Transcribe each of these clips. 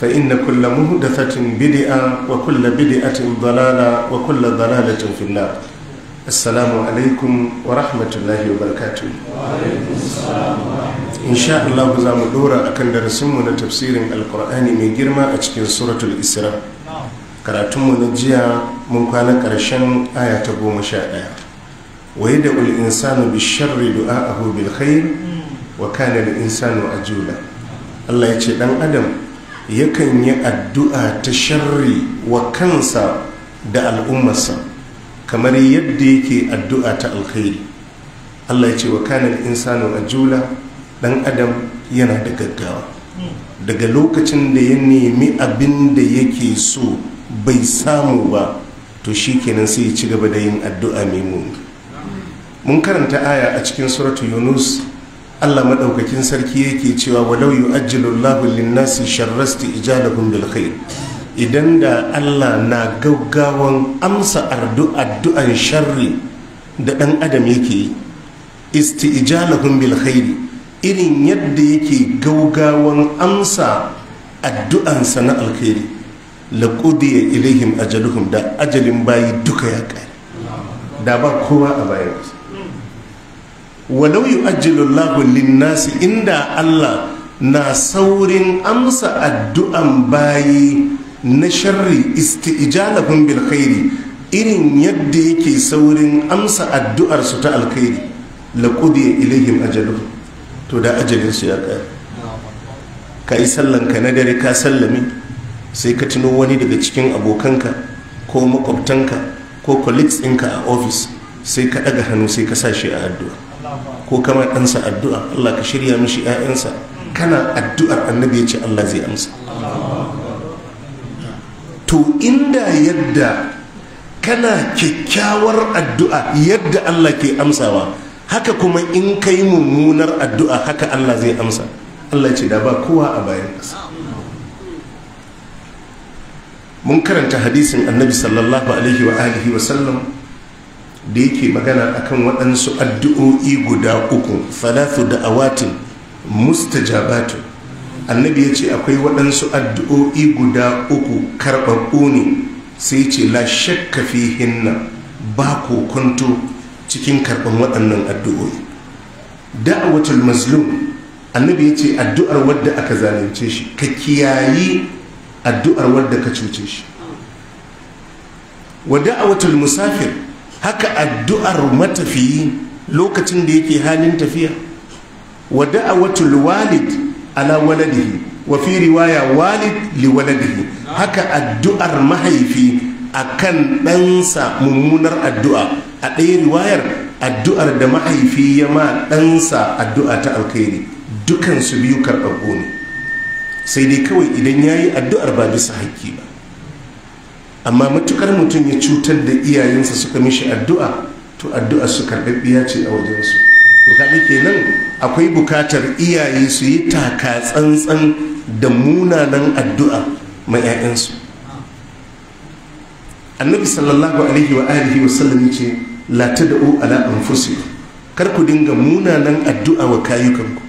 فإن كل مهدثة بدعة وكل بدعة ضلالة وكل ضلالة في النار السلام عليكم ورحمة الله وبركاته وعليكم السلام ورحمة إن شاء الله زام دورة أكن درسمنا تفسير القرآن من جرمة أتكين سورة الإسراء كراتم نجيا من كان كرشن آية تقوم شاء ويدعو الإنسان بالشر دعاءه بالخير وكان الإنسان أجولا الله يتشي أدم yakan yi addu'a ta sharri wa kansa da al'ummarsa kamar yadda yake addu'a ta alkhairi allah ya ce wa kanar insanu a jula dan adam yana da gaggawa daga lokacin da ya nemi abin da yake so bai samu ba to shi kenan sai ya ci gaba da yin addu'a mai mun karanta aya a cikin suratu yunus Allah maɗaukakin sarki yake cewa walau yu'ajjilu Allahu lahun linnasi sharrasti ijalahum bil idan da Allah na gaggawan amsa addu'an sharri da ɗan adam yake yi isti bil khairi irin yadda yake gaugawan amsa addu'ansa na alkhairi laƙudiya ilaihim ajaluhum da ajalin bayi duka ya ƙari da ba kowa a bayan walau yi ajiyar lagunin nasi inda Allah na saurin amsa addu'an bayi na sharri isti ijalafin bilkairi, irin yadda yake saurin amsa addu'ar su ta alkhairi la qudiya ilaihim to da ajalin su ya kai ka yi sallanka na dare ka sallami sai ka tuno wani daga cikin abokanka ko makwabtanka ko colleagues ɗinka a ofis, sai ka ɗaga hannu sai ka sa shi a addu'a ko kama ɗansa addu'a Allah ka shirya mishi 'ya'yansa kana addu'ar annabi ya ce Allah zai amsa to inda yadda kana kyakkyawar addu'a yadda Allah ke amsawa haka kuma in kai mummunar addu'a haka Allah zai amsa Allah ce da ba kowa a bayan ƙasa mun karanta hadisin annabi sallallahu alaihi wa alihi wa sallam da yake magana akan waɗansu addu'o'i guda uku falafu da awatin mustajabatu annabi ya ce akwai waɗansu addu'o'i guda uku karɓaɓɓu ne sai ce la shakka fi hinna ba kwanto cikin karɓar waɗannan addu'o'i da'awatul mazlum annabi ya ce addu'ar wadda aka zalunce shi ka kiyayi addu'ar wadda ka cuce shi wa da'awatul musafir haka addu'ar matafiyi lokacin da yake halin tafiya wa da'awatul walid ala waladihi wa fi riwaya walid li waladihi haka addu'ar mahaifi a kan ɗansa mummunar addu'a a ɗaya riwayar addu'ar da mahaifi ya ma ɗansa addu'a ta alkhairi dukansu biyu karɓaɓɓu ne sai dai kawai idan ya yi addu'ar ba bisa haƙƙi ba amma matukar mutum ya cutar da iyayensa suka mishi addu'a to addu'a su karɓaɓɓiya ce a wajensu to kaɗi kenan akwai bukatar iyaye su yi taka tsantsan da munanan addu'a ma 'ya'yansu annabi sallallahu alaihi wa alihi wa sallam ce la da'u ala anfusikum kar ku dinga munanan addu'a wa kayukanku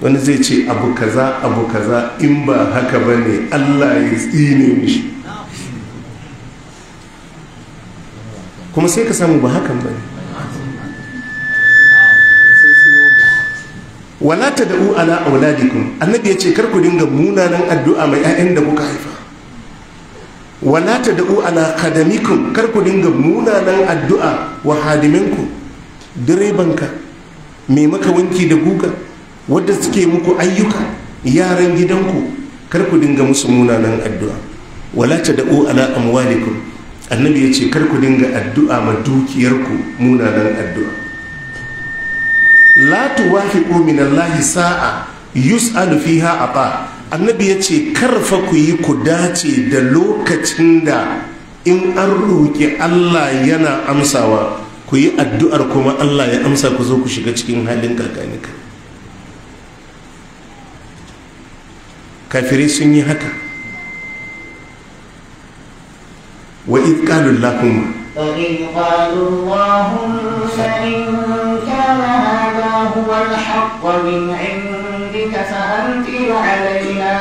wani zai ce abu kaza abu kaza in ba haka ba ne allah ya tsine mishi kuma sai ka samu ba hakan ba ne wala ta da'u ala auladikum annabi ya ce kar ku dinga munanan addu'a mai 'ya'yan da kuka haifa wala ta da'u ala kadamikum kar ku dinga munanan addu'a wa hadiminku direbanka mai maka wanki da guga wadda suke muku ayyuka yaran gidanku kar ku dinga musu munanan addu'a wala ta da'u ala amwalikum annabi ya ce kar ku dinga addu'a ma dukiyarku munanan addu'a la wafi min allahi sa'a yus'alu fiha ba, annabi ya ce karfa ku yi ku dace da lokacin da in an roƙi allah yana amsawa ku yi addu'ar kuma allah ya amsa ku zo ku shiga cikin halin kakanika كافرين سني هكا وإذ قالوا idh وإذ قالوا اللهم إن كان هذا هو الحق من عندك فأمطر علينا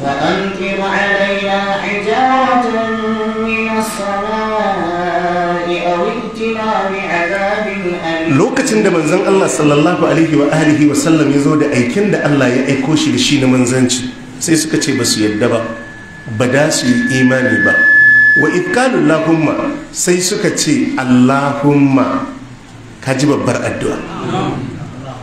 فأمطر lokacin da manzan Allah sallallahu alaihi wa alihi wa sallam ya zo da aikin da Allah ya aiko shi da shi na manzanci sai suka ce ba su yadda ba ba da su yi imani ba wa idkalu lahumma sai suka ce Allahumma ka ji babbar addu'a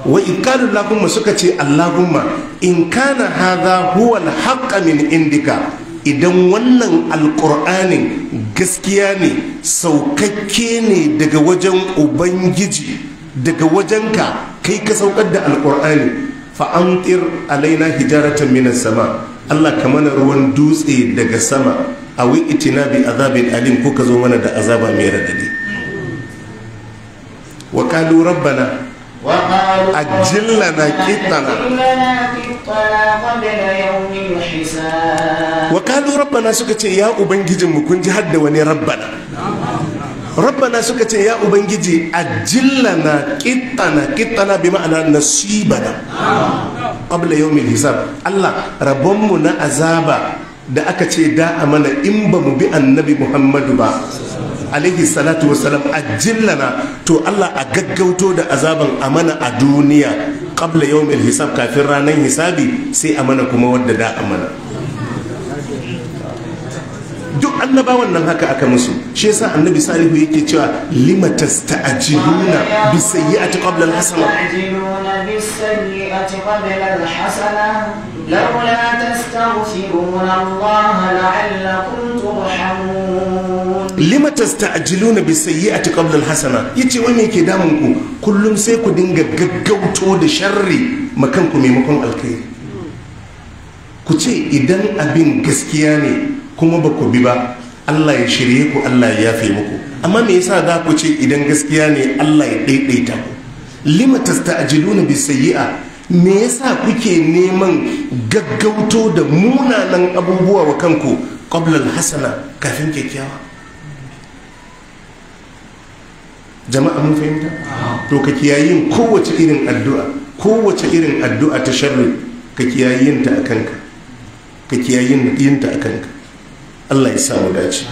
wa idkalu lahumma suka ce Allahumma in kana haza huwa haƙƙa min indika idan wannan alƙur'anin gaskiya ne saukakke ne daga wajen ubangiji daga wajenka kai ka saukar da alƙur'ani fa'amtir alaina hijaratan minas sama allah ka mana ruwan dutse daga sama a wi itina bi azabin alim ko ka zo mana da azaba mai radadi wa kalu rabbana أجلنا كتنا وقالوا ربنا سكت يا أبنجي مكون هد وني ربنا ربنا سكت يا أبنجي أجل لنا كتنا قطنا بمعنى نصيبنا قبل يوم الحساب الله ربنا أزابا da aka ce da amana in ba mu bi annabi muhammadu ba alaihi salatu wasalam ajillana to Allah a gaggauto da azaban amana a duniya qabla yawmil hisab kafin ranar hisabi sai amana kuma wadda da amana duk annabawan nan haka aka musu shi yasa annabi salihu yake cewa lima tasta'jiluna bi sayyi'ati qabla al-hasana لولا تستغفرون الله lima tasta'jiluna bi sayyi'ati qabla al-hasana yace wai me ke damun ku kullum sai ku dinga gaggauto da sharri makan ku maimakon alkhairi ku ce idan abin gaskiya ne kuma ba ku bi ba Allah ya shirye ku Allah ya yafe muku amma me yasa za ku ce idan gaskiya ne Allah ya daidaita ku lima tasta'jiluna bi sayyi'a me yasa kuke neman gaggauto da munanan abubuwa wa kanku qablal hasana kafin kyakkyawa jama'a mun fahimta to ka kiyayin kowace irin addu'a kowace irin addu'a ta sharri ka kiyayin ta akan ka ka kiyayin yin ta akan ka Allah ya samu dace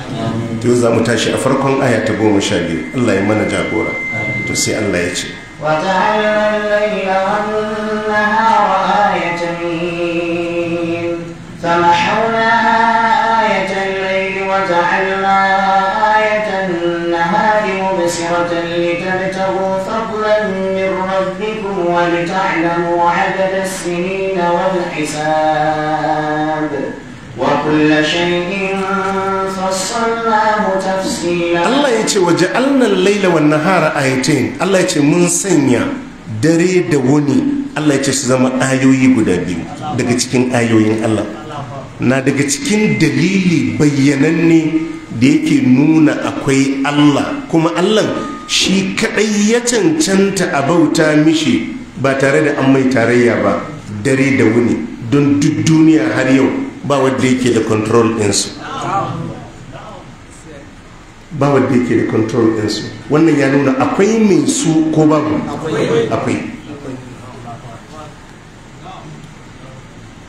to za mu tashi a farkon aya ta goma sha biyu Allah ya mana jagora to sai Allah ya ce وجعلنا ميسرة لتبتغوا فضلا من ربكم ولتعلموا عدد السنين والحساب وكل شيء فصلناه تفصيلا الله يتي وجعلنا الليل والنهار آيتين الله يتي من سنيا dare da wani Allah ya ce su zama ayoyi guda biyu daga cikin ayoyin Allah na daga cikin dalili bayyananne da yake nuna akwai Allah kuma Allah shi kaɗai ya cancanta a bauta mishi ba tare da an mai tarayya ba dare da wuni don duk duniya har yau ba wadda yake da control ɗinsu ba wadda yake da control ɗinsu wannan ya nuna akwai mai su ko babu akwai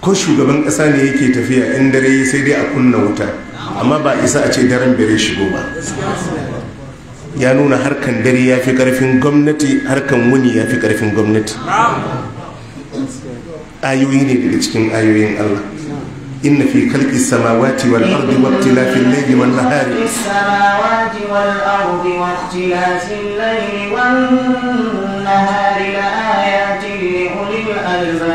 ko shugaban ƙasa ne yake tafiya in dare sai dai a kunna wuta amma ba isa a ce daren bere shigo ba ya nuna harkan dare ya fi karfin gwamnati harkan wuni ya fi karfin gwamnati ayoyi ne daga cikin ayoyin allah إن في خلق السماوات والأرض واختلاف ardi والنهار السماوات والأرض واختلاف الليل والنهار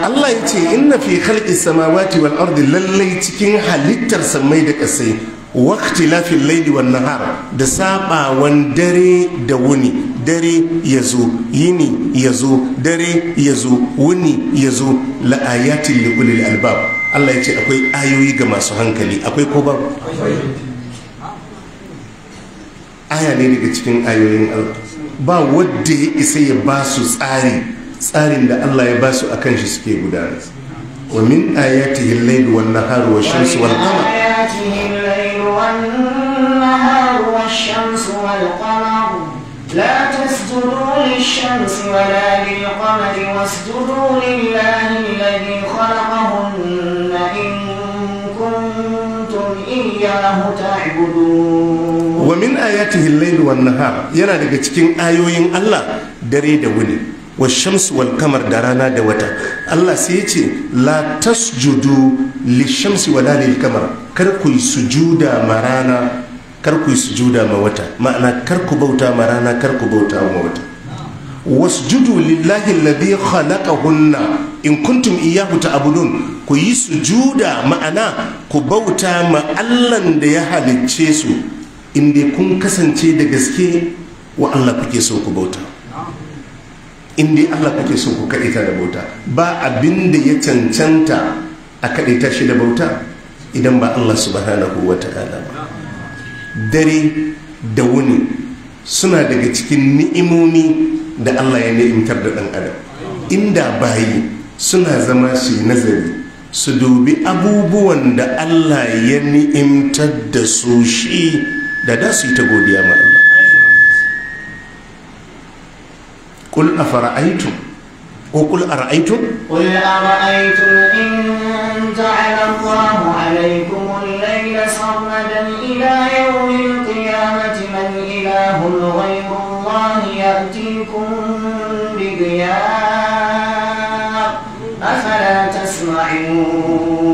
Allah ya ce inna fi khalqi samawati wal ardi lallai cikin halittar samai da kasai waqti lafin laili wan nahar da sabawan dare da wuni dare ya zo yini ya zo dare ya zo wuni ya zo la ayati li ulil albab Allah ya ce akwai ayoyi ga masu hankali akwai ko babu aya ne daga cikin ayoyin Allah ba wadda ya isa ya ba su tsari tsarin da Allah ya ba su a kan shi suke gudana wa min ayati hillai layl wannan wa shamsu wal qamar wa min ayatihi al-layl wan nahar yana daga cikin ayoyin Allah dare da wuni wa shamsu wal kamar da rana da wata Allah sai ya ce la tasjudu li shamsi wala lil kamar kar ku sujuda ma rana kar ku sujuda ma wata ma'ana kar ku bauta ma rana kar ku bauta ma wata wasjudu lillahi alladhi khalaqahunna in kuntum iyyahu ta'budun ku yi sujuda ma'ana ku bauta ma Allah da ya halicce su inda kun kasance da gaske wa Allah kuke so ku bauta in dai Allah kuke so ku kaɗaita da bauta ba abinda ya cancanta a kaɗaita shi da bauta idan ba Allah subhanahu wa ta'ala ba dare da wuni suna daga cikin ni'imomi da Allah ya ni'imtar da ɗan adam inda bayi suna zama su yi nazari su dubi abubuwan da Allah ya ni'imtar da su shi da da su yi ta godiya ma Allah قل أفرأيتم وقل أرأيتم قل أرأيتم إن جعل الله عليكم الليل سرمدا إلى يوم القيامة من إله غير الله يأتيكم بضياء أفلا تسمعون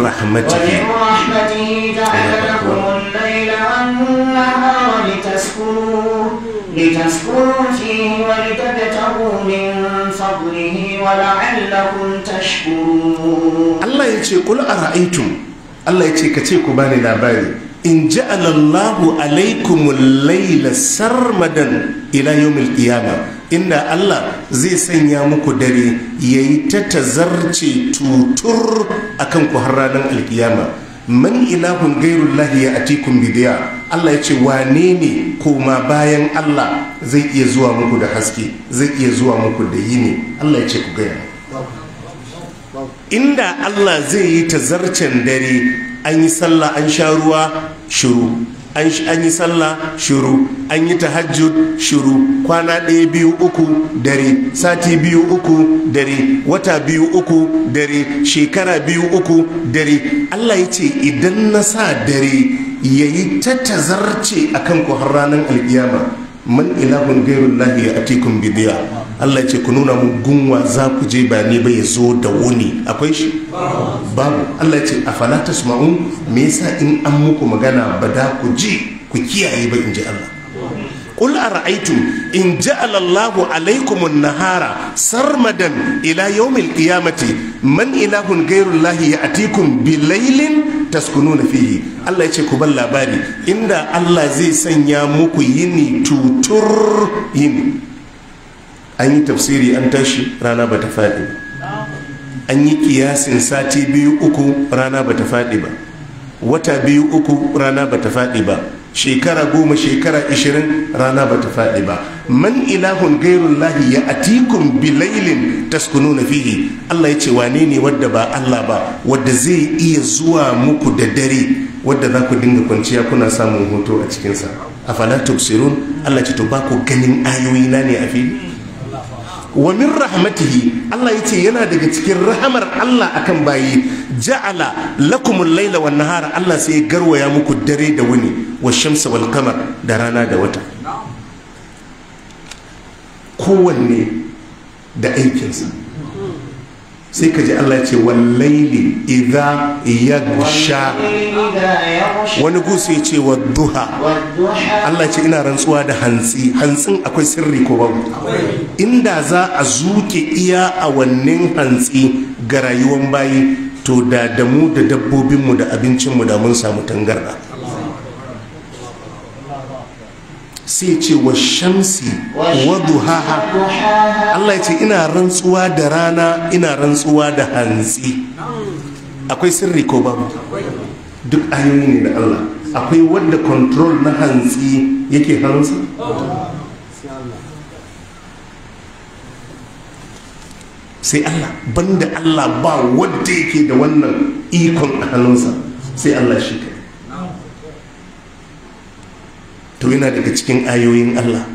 ومن رحمته ومن جعل لكم الليل والنهار لتسكنوا لتسكنوا فيه ولتبتغوا من فضله ولعلكم تشكرون الله يجي قل أرأيتم الله يجي كتيكو باني لاباري إن جعل الله عليكم الليل سرمدا إلى يوم القيامة inda Allah zai sanya muku dare ya yi ta tazarce tutur a kan har ranar alkiyama man ilahun gairullahi ya tikun bidiya Allah ya ce wane ne koma bayan Allah zai iya zuwa muku da haske zai iya zuwa muku da yini Allah ya ce ku gaya inda Allah zai yi tazarcen dare an yi sallah an sha ruwa shiru an yi sallah shuru an yi tahajjud shuru kwana ɗaya biyu uku dare sati biyu uku dare wata biyu uku dare shekara biyu uku dare allah ya ce idan na sa dare ya yi ta tazarce a kan har ranar alkiyama man ilahun lahiya a tekun bidiya Allah ce ku nuna mun gunwa za ku je ba ni ba ya zo da wuni, akwai shi babu Allah ce a falata su me yasa in an muku magana ba da ku ji ku kiyaye ba in ji Allah قل أرأيتم إن جعل الله عليكم النهار سرمدا إلى يوم القيامة من إله غير الله يأتيكم بليل تسكنون فيه الله يشكو بلا باري إن الله زي سنيا مكو يني توتر يني an yi tafsiri an tashi rana ba faɗi ba an yi kiyasin sati biyu uku rana ba faɗi ba wata biyu uku rana ba faɗi ba shekara goma shekara ishirin rana ba faɗi ba man ilahun gairun lahiya ya atikun bilailin taskunu na fihi Allah ya ce wane ne wadda ba Allah ba wadda zai iya zuwa muku da dare wadda za ku dinga kwanciya kuna samun hoto a cikinsa a fala sirun Allah ce to ba ku ganin ayoyi na ne a fili wa min rahmatihi Allah yace yana daga cikin rahamar Allah akan bayi ja'ala lakumul laila wan nahara Allah sai ya garwaya muku dare da wuni wa shamsa wal qamar da rana da wata kowanne da aikinsa sai ka ji Allah ce wallaili idha yagsha wani gusu ya ce wa duha Allah ce ina rantsuwa da hantsi hantsin akwai sirri ko babu inda za a zuke iya a awannin hantsi ga rayuwar bayi to da damu da dabbobinmu da abincinmu da mun samu tangarda sai ce wa shamsi wa duhaha Allah ya ce ina rantsuwa da rana ina rantsuwa da hantsi akwai sirri ko babu duk ayoyi ne da Allah akwai wanda control na hantsi yake hannunsa sai Allah banda Allah ba wanda yake da wannan ikon a hannunsa sai Allah shi to yana daga cikin ayoyin Allah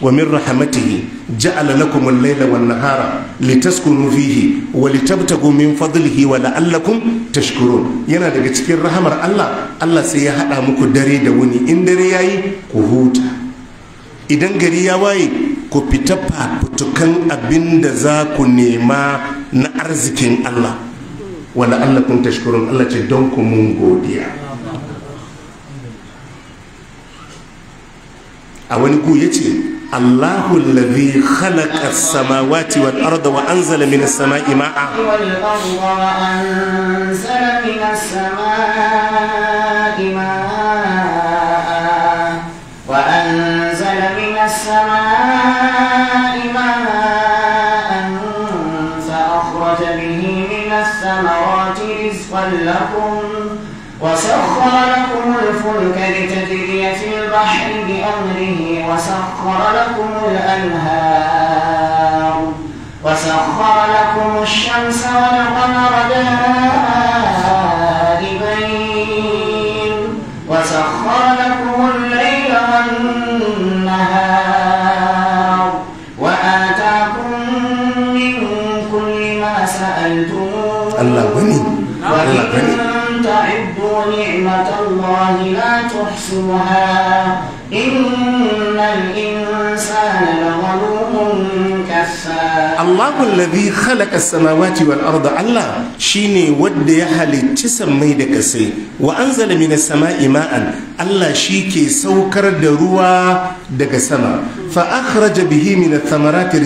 wa min rahmatihi ja'ala lakum al-layla wan nahara litaskunu fihi wa litabtagu min fadlihi wa la'allakum tashkurun yana daga cikin rahamar Allah Allah sai ya hada muku dare da wuni in dare yayi ku huta idan gari ya waye ku fita fatukan abin da za ku nema na arzikin Allah wa la'allakum tashkurun Allah ce don ku mun godiya أولي قو يتي الله الذي خلق السماوات والأرض وأنزل من السماء ماء وأنزل من السماء ماء فأخرج به من الثمرات رزقا لكم وسخر لكم الفلك لتجري في البحر بأمره وسخر لكم الأنهار وسخر لكم الشمس والقمر دهارا تحسنها إن الإنسان لظلوم Allahun samawati wa al’arza Allah shi ne wadda ya halitta samai da kasai wa an zalami sama ima’an Allah shi ke saukar da ruwa daga sama. Fa’akhara jabihi mina samara ta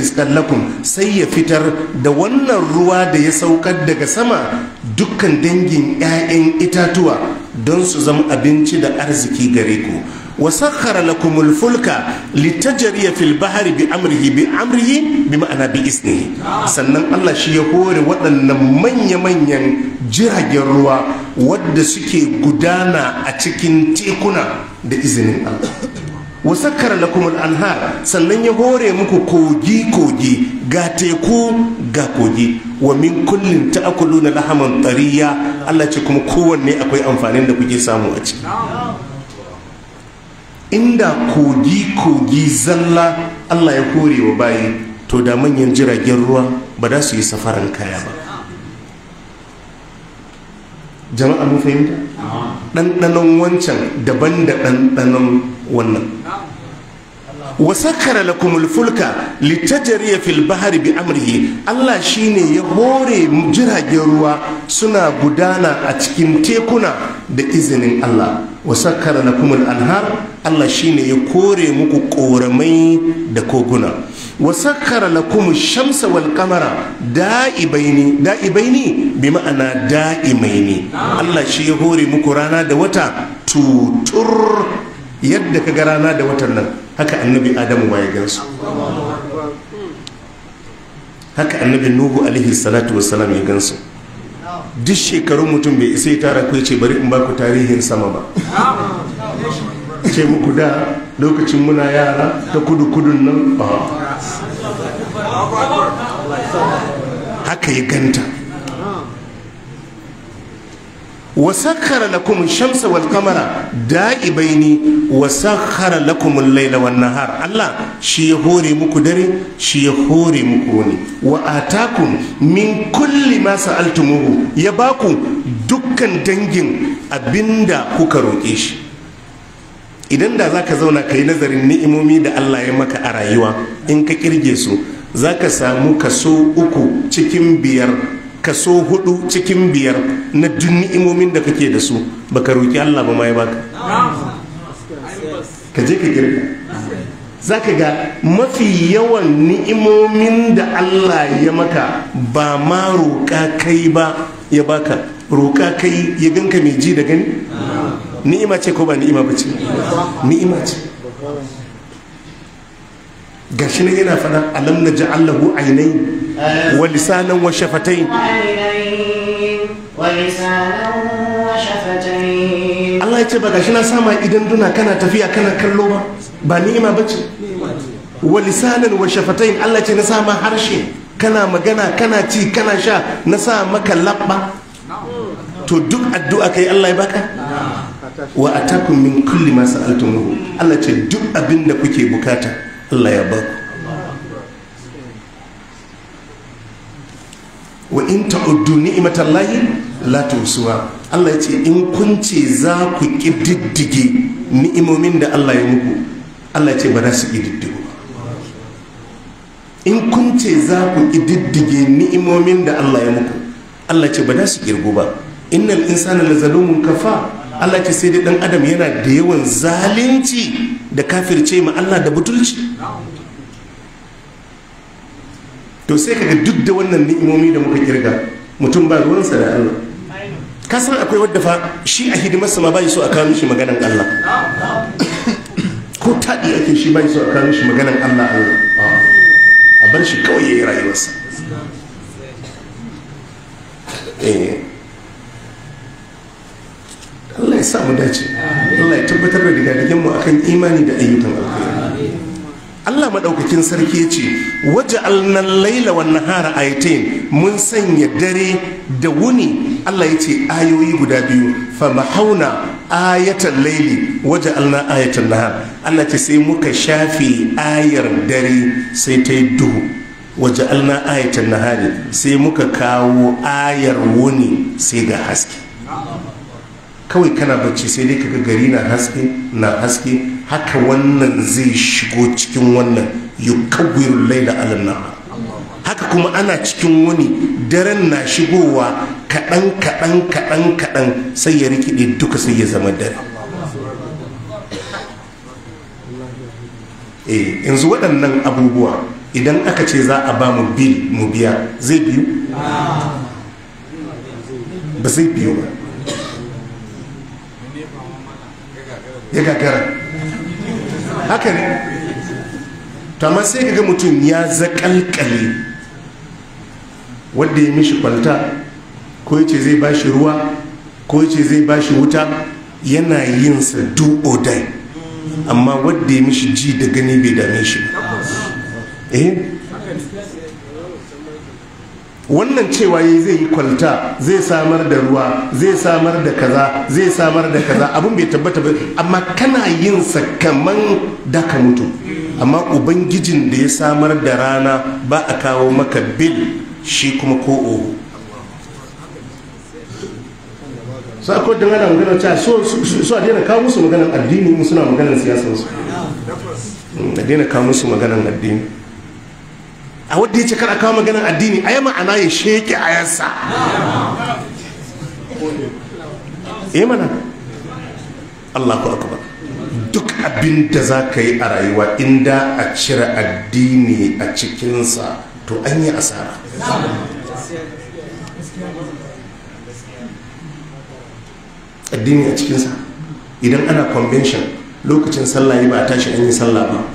sai ya fitar da wannan ruwa da ya saukar daga sama dukkan dangin ‘ya’yan itatuwa don su zama abinci da arziki gare ku wa sakhara kumul fulka litajriya fil bahari bi amrihi bi amrihi bi ma'ana bi isnihi sannan Allah shi ya hore waɗannan manya manyan jiragen ruwa wadda suke gudana a cikin tekuna da izinin Allah wa sakhara kumul anhar sannan ya hore muku kogi kogi ga teku ga kogi wa min kullin na lahaman tariya Allah ce kuma kowanne akwai amfanin da kuke samu a ciki inda kogi kogi zalla Allah ya kore wa bayi to da manyan jiragen ruwa ba za su yi safaran kaya ba jama'a mun fahimta ɗanɗanon wancan daban da ɗanɗanon wannan wasakara la lakumul fulka litajriya fil bahari bi amrihi Allah shine ya hore jiragen ruwa suna gudana a cikin tekuna da izinin Allah wasakara la lakumul anhar Allah shine ya kore muku koramai da koguna wasakara la lakum shamsa wal kamara da'ibaini bi ma'ana da'imaini Allah shi ya hore muku rana da wata tutur yadda ka ga rana da watan nan haka annabi adamu ma ya gansu haka annabi nuhu alaihi salatu wassalam ya gansu duk shekarun mutum bai isa tara ku ce bari in baku tarihin sama ba ce muku da lokacin muna yara ta kudu kudun nan haka ya ganta wasakhara lakum shamsa wal qamara da'ibaini wasakhara lakum al-laila wan nahar Allah shi ya hore muku dare shi ya hore muku wuni wa atakum min kulli ma sa'altumuhu ya baku dukkan dangin abinda kuka roƙe shi idan da zaka zauna ka yi nazarin ni'imomi da Allah ya maka a rayuwa in ka ƙirge su zaka samu kaso uku cikin biyar kaso hudu cikin biyar na duk ni'imomin da kake da su baka roki Allah ba ma ya baka ka je ka girka za ka ga mafi yawan ni'imomin da Allah ya maka ba ma roƙa kai ba ya baka roƙa kai ya ganka mai ji da gani ni'ima ce ko ba ni'ima ba ce ni'ima ce gashi ne yana fada alam na ji allahu ainihi wa lisanan wa shafatai Allah ya ce ba gashi na sama idan duna kana tafiya kana kallo ba ba ni'ima bace wa lisanan wa shafatai Allah ya ce na sama harshe kana magana kana ci kana sha na sa maka labba to duk addu'a kai Allah ya baka wa atakum min kulli ma sa'altum Allah ya ce duk abin da kuke bukata Allah wa in ta'uddu ni'matallahi la tusuwa Allah ya ce in kun ce za ku kididdige ni'imomin da Allah ya muku Allah ya ce ba za su kididdigo in kun ce za ku kididdige ni'imomin da Allah ya muku Allah ya ce ba za su kirgu ba innal insana lazalumun kafa Allah ce sai dai dan adam yana da yawan zalunci da kafirce ma Allah da butulci to sai kaga duk da wannan ni'imomi da muka kirga mutum ba ruwansa da Allah ka san akwai wadda fa shi a hidimarsa ma bai so a kawo mishi maganan Allah ko taɗi ake shi bai so a kawo mishi maganan Allah Allah a bar shi kawai ya yi rayuwarsa eh. Allah ya sa dace Allah ya tabbatar da digadigen mu akan imani da ayyukan alkhairi Allah madaukakin sarki ya ce waje alnan laila wa nahara ayatain mun sanya dare da wuni Allah yace ayoyi guda biyu fa mahauna ayatan laili waje alna ayatan nahar Allah ce sai muka shafe ayar dare sai ta yi duhu waje alna ayatan nahari sai muka kawo ayar wuni sai ga haske kawai kana bacci sai dai kaga gari na haske na haske haka wannan zai shigo cikin wannan yukawwirul laila alan haka kuma ana cikin wani daren na shigowa kaɗan kaɗan kaɗan kaɗan sai ya rikide duka sai ya zama dare eh yanzu waɗannan abubuwa idan aka ce za a ba mu bil mu biya zai biyu ba zai biyu ba ya gagara haka ne to amma sai kaga mutum ya zaƙalƙale wadda ya mishi kwalta ko ya ce zai bashi ruwa ko ya ce zai bashi wuta yana yin sa do amma wadda ya mishi ji da gani bai dame shi eh wannan cewa yi zai yi kwalta zai samar da ruwa zai samar da kaza zai samar da kaza abin bai tabbata ba amma kana yin sa kaman da ka mutu amma ubangijin da ya samar da rana ba a kawo maka bil shi kuma ko oho sa ko da ana magana ta so so a kawo musu maganar addini suna maganar siyasa su a daina kawo musu maganar addini a wadda ya ce kar a kawo maganar addini a yi ma'ana ya sheke a yansa ya eh mana Allah ku akbar duk abin da za ka yi a rayuwa inda a cire addini a cikinsa to an yi asara addini a cikinsa idan ana convention lokacin sallah yi ba a tashi an yi sallah ba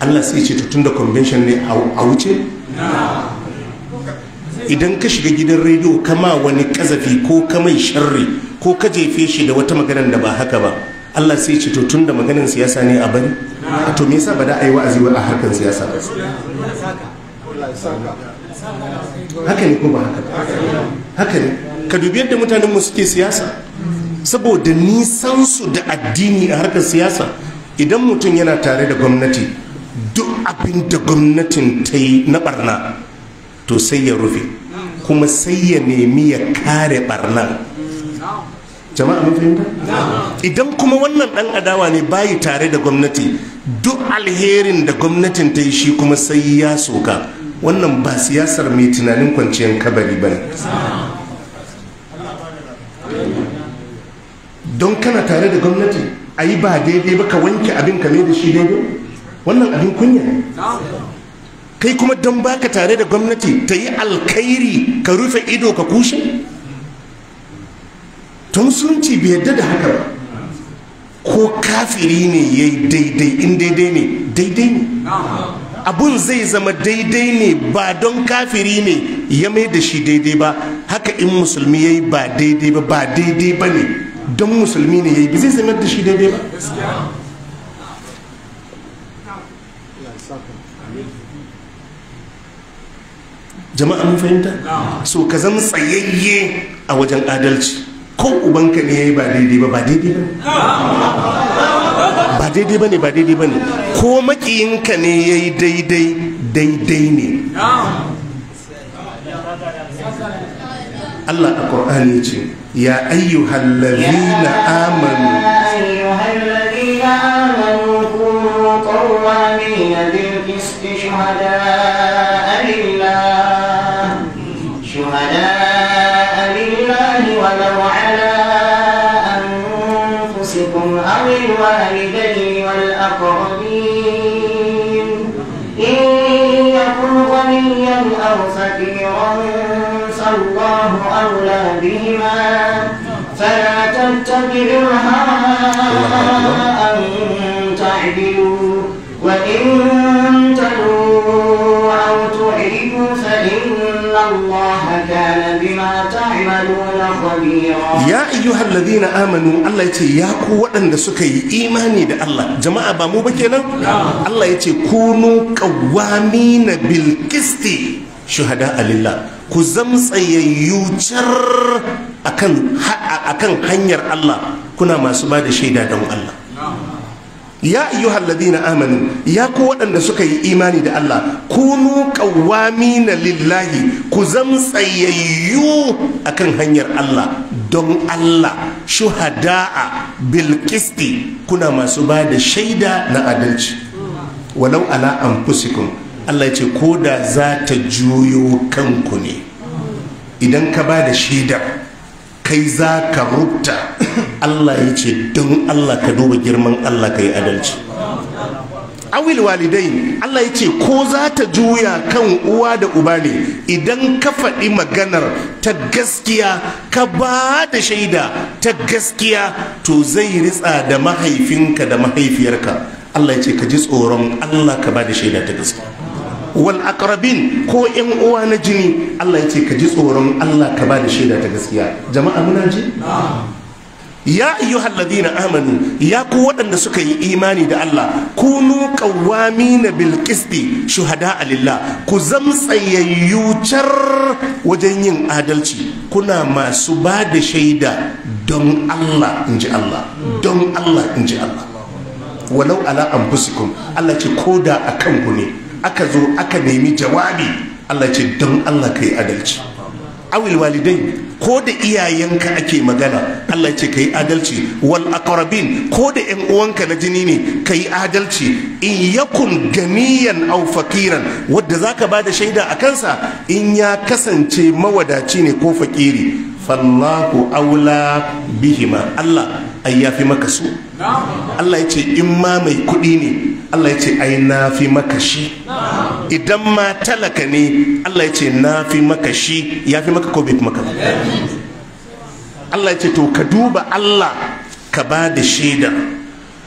allah sai ce tun da convention ne a wuce idan ka shiga gidan rediyo kama wani kazafi ko kamai sharri ko ka jefe shi da wata maganar da ba haka ba allah sai ce tun da maganin siyasa ne a bari a to me yasa ba da a yi wa a harkar siyasa ba haka ne ko ba haka haka ne ka dubi yadda mutanen mu suke siyasa saboda nisansu da addini a harkar siyasa idan mutum yana tare da gwamnati duk abin da gwamnatin ta yi na barna to sai ya rufe kuma sai ya nemi ya kare barna jama'a mun fahimta idan kuma wannan dan adawa ne bayi tare da gwamnati duk alherin da gwamnatin ta yi shi kuma sai ya soka wannan ba siyasar mai tunanin kwanciyar kabari ba don kana tare da gwamnati a yi ba daidai ba ka wanke abin ka ne da shi daidai wannan abin kunya kai kuma don baka tare da gwamnati ta yi alkhairi ka rufe ido ka kushe ta musulunci bai yadda da haka ba ko kafiri ne ya yi daidai in daidai ne daidai ne abun zai zama daidai ne ba don kafiri ne ya mai da shi daidai ba haka in musulmi ya yi ba daidai ba ba daidai ba ne don musulmi ne ya yi zai zama da shi daidai ba jama'a mun fahimta so ka zama tsayayye a wajen adalci ko ubanka ne ya yi ba daidai ba ba daidai ba ba daidai ba ne ba daidai ba ne ko makiyinka ne ya yi daidai daidai ne Allah a Ƙur'ani ce ya ayyuhal ladina amanu amanu kunu qawwamin bil Waɗannan ta ke yi mafi yadda wata hudu ta yi mafi yadda wata rana ta yi mafi yadda allah rana ta yi mafi yadda wata rana ta yi mafi yadda wata rana ta yi mafi yadda wata A kan hanyar Allah kuna masu ba da shaida don Allah ya iyo halladina amanu ya ku waɗanda suka yi imani da Allah kunu na lillahi ku zan tsayayyu a kan hanyar Allah don Allah shuhada'a bilkisti kuna masu ba da shaida na adalci walau ala fusikun Allah ce ko da za ta juyo kanku ne idan ka ba da shaidar kai za ka rubuta allah ya ce don allah ka duba girman allah ka yi adalci awil walidai Allah ya ce ko za ta juya kan uwa da uba ne idan ka faɗi maganar ta gaskiya ka ba da shaida ta gaskiya to zai ritsa da mahaifinka da mahaifiyarka Allah ya ce ka ji tsoron Allah ka ba da shaida ta gaskiya wal aqrabin ko yan uwa na jini Allah ya ce ka ji tsoron Allah ka ba da shaida ta gaskiya jama'a muna ji ya ayyuhal na amanu ya ku waɗanda suka yi imani da Allah kunu qawwamina bil qisti shuhada alillah ku zamtsayayyu car wajen yin adalci kuna masu ba da shaida don Allah inji Allah don Allah inji Allah walau ala anfusikum Allah ce ko da a kanku ne aka zo aka nemi jawabi Allah ce don Allah ka yi adalci awil walidai ko da iyayenka ake magana Allah ce ka yi adalci wal akwarabin ko da yan uwanka na jini ne ka yi adalci in yakun ganiyan au fakiran wanda zaka bada shaida a kansa in ya kasance mawadaci ne ko fakiri fallahu aula bihima Allah ayyafi maka su Allah ya ce in ma mai kuɗi ne Allah ya ce ai na fi maka shi idan ma talaka ne Allah ya ce na fi maka shi ya fi maka ko bai maka Allah ya ce to ka duba Allah ka ba da shaida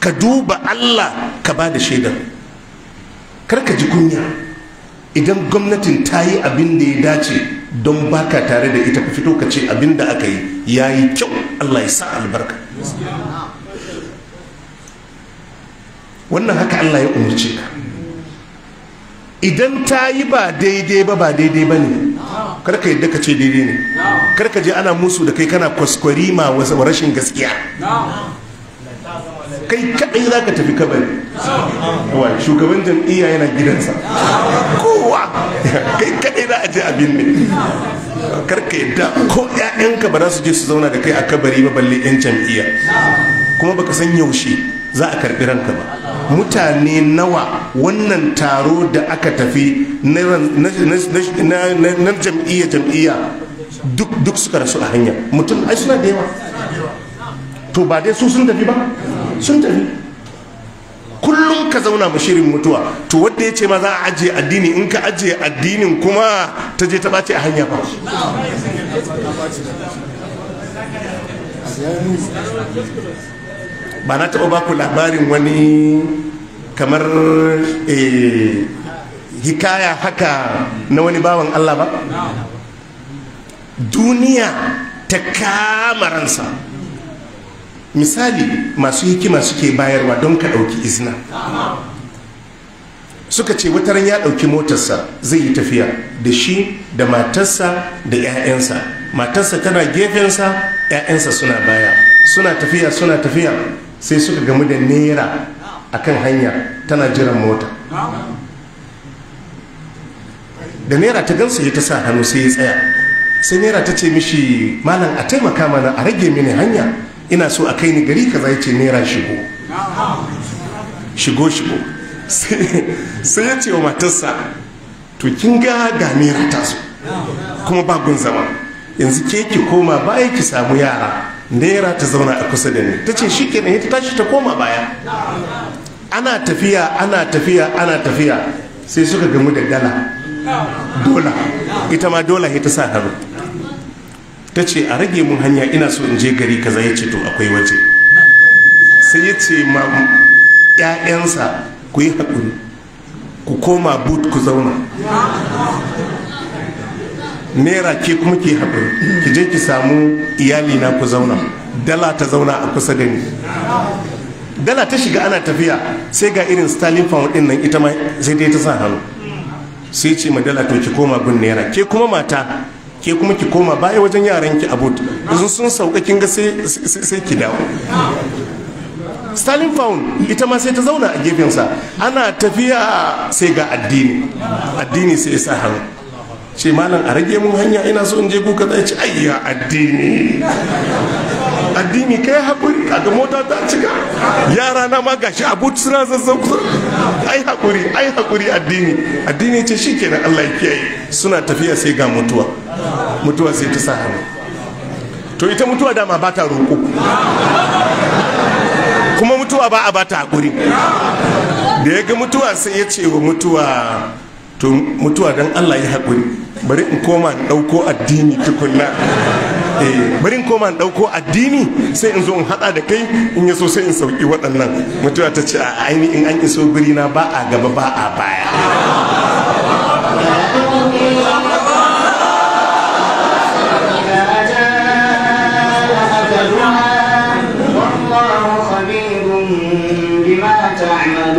ka duba Allah ka ba da shaida kar ka ji kunya idan gwamnatin ta yi abin da ya dace don baka tare da ita ka fito ka ce abin da aka yi ya yi kyau Allah ya sa albarka wannan haka Allah ya umarci ka idan ta yi ba daidai ba ba daidai ba ne karka yadda ka ce daidai ne karka je ana musu da kai kana kwaskwari ma wasu rashin gaskiya kai kaɗai za ka tafi kabari wa shugaban jam'iyya yana gidansa kowa kai kaɗai za a je abin ne karka yadda ko 'ya'yanka ba za su je su zauna da kai a kabari ba balle 'yan jam'iyya kuma baka san yaushe za a karɓi ranka ba mutane nawa wannan taro da aka tafi na jam'iyya jam'iyya duk suka rasu a hanya mutum ai suna da yawa to ba dai su sun tafi ba sun tafi kullum ka zauna shirin mutuwa to wanda ya ce ma za a ajiye addini in ka ajiye addinin kuma ta je ta ɓace a hanya ba ba na taɓa baku labarin wani kamar eh, hikaya haka na wani bawan Allah ba duniya ta kamaransa. misali masu hikima suke bayarwa don ka ɗauki izina suka ce wata ran ya ɗauki motarsa zai yi tafiya da shi da matarsa da 'ya'yansa matarsa tana gefensa 'ya'yansa suna baya suna tafiya suna tafiya sai suka gamu da nera a kan hanya tana jiran mota da nera ta gansu ya ta sa hannu sai ya tsaya sai nera ta ce mishi malam a taimaka mana a rage mini hanya ina so a kai ni gari ka ya ce nera shigo shigo shigo sai ya ce wa matarsa to kin ga ga nera ta so kuma bagun zama yanzu ke ki koma baya ki samu yara naira ta zauna a kusa da ni ta ce shi ke ta tashi ta koma baya ana tafiya ana tafiya ana tafiya sai suka gamu da dala dola ita ma dola ta sa haru ta ce a rage mun hanya ina so in je gari kaza ya ce to akwai waje sai ya ce ma 'ya'yansa ku yi haƙuri ku koma but ku zauna naira ke kuma ke haƙuri ki je ki samu iyali na ku zauna dala ta zauna a kusa da ni dala ta shiga ana tafiya sai ga irin stalin pound din nan ita ma sai dai ta sa hannu sai ce ma dala to ki koma gun naira ke kuma mata ke kuma ki koma baya wajen yaran ki abut yanzu sun sauka kin ga sai ki dawo stalin pound ita ma sai ta zauna a gefensa ana tafiya sai ga addini addini sai ya sa hannu ce malam a rage mun hanya ina so in je kuka zai ci ayya addini addini kai haƙuri kaga mota ta cika yara na ma gashi abu tsira zazzan kusa ai haƙuri ai haƙuri addini addini ce kenan Allah ya kiyaye suna tafiya sai ga mutuwa mutuwa sai ta sa hannu to ita mutuwa dama ba ta roƙo kuma mutuwa ba a ba ta haƙuri da ya ga mutuwa sai ya ce wa mutuwa to mutuwa don allah ya haƙuri bari in koma in ɗauko addini tukunna eh, bari in koma in ɗauko addini sai in zo in haɗa da kai in yaso sai in sauki waɗannan mutuwa ta ce a aini in an iso guri na ba a gaba ba a baya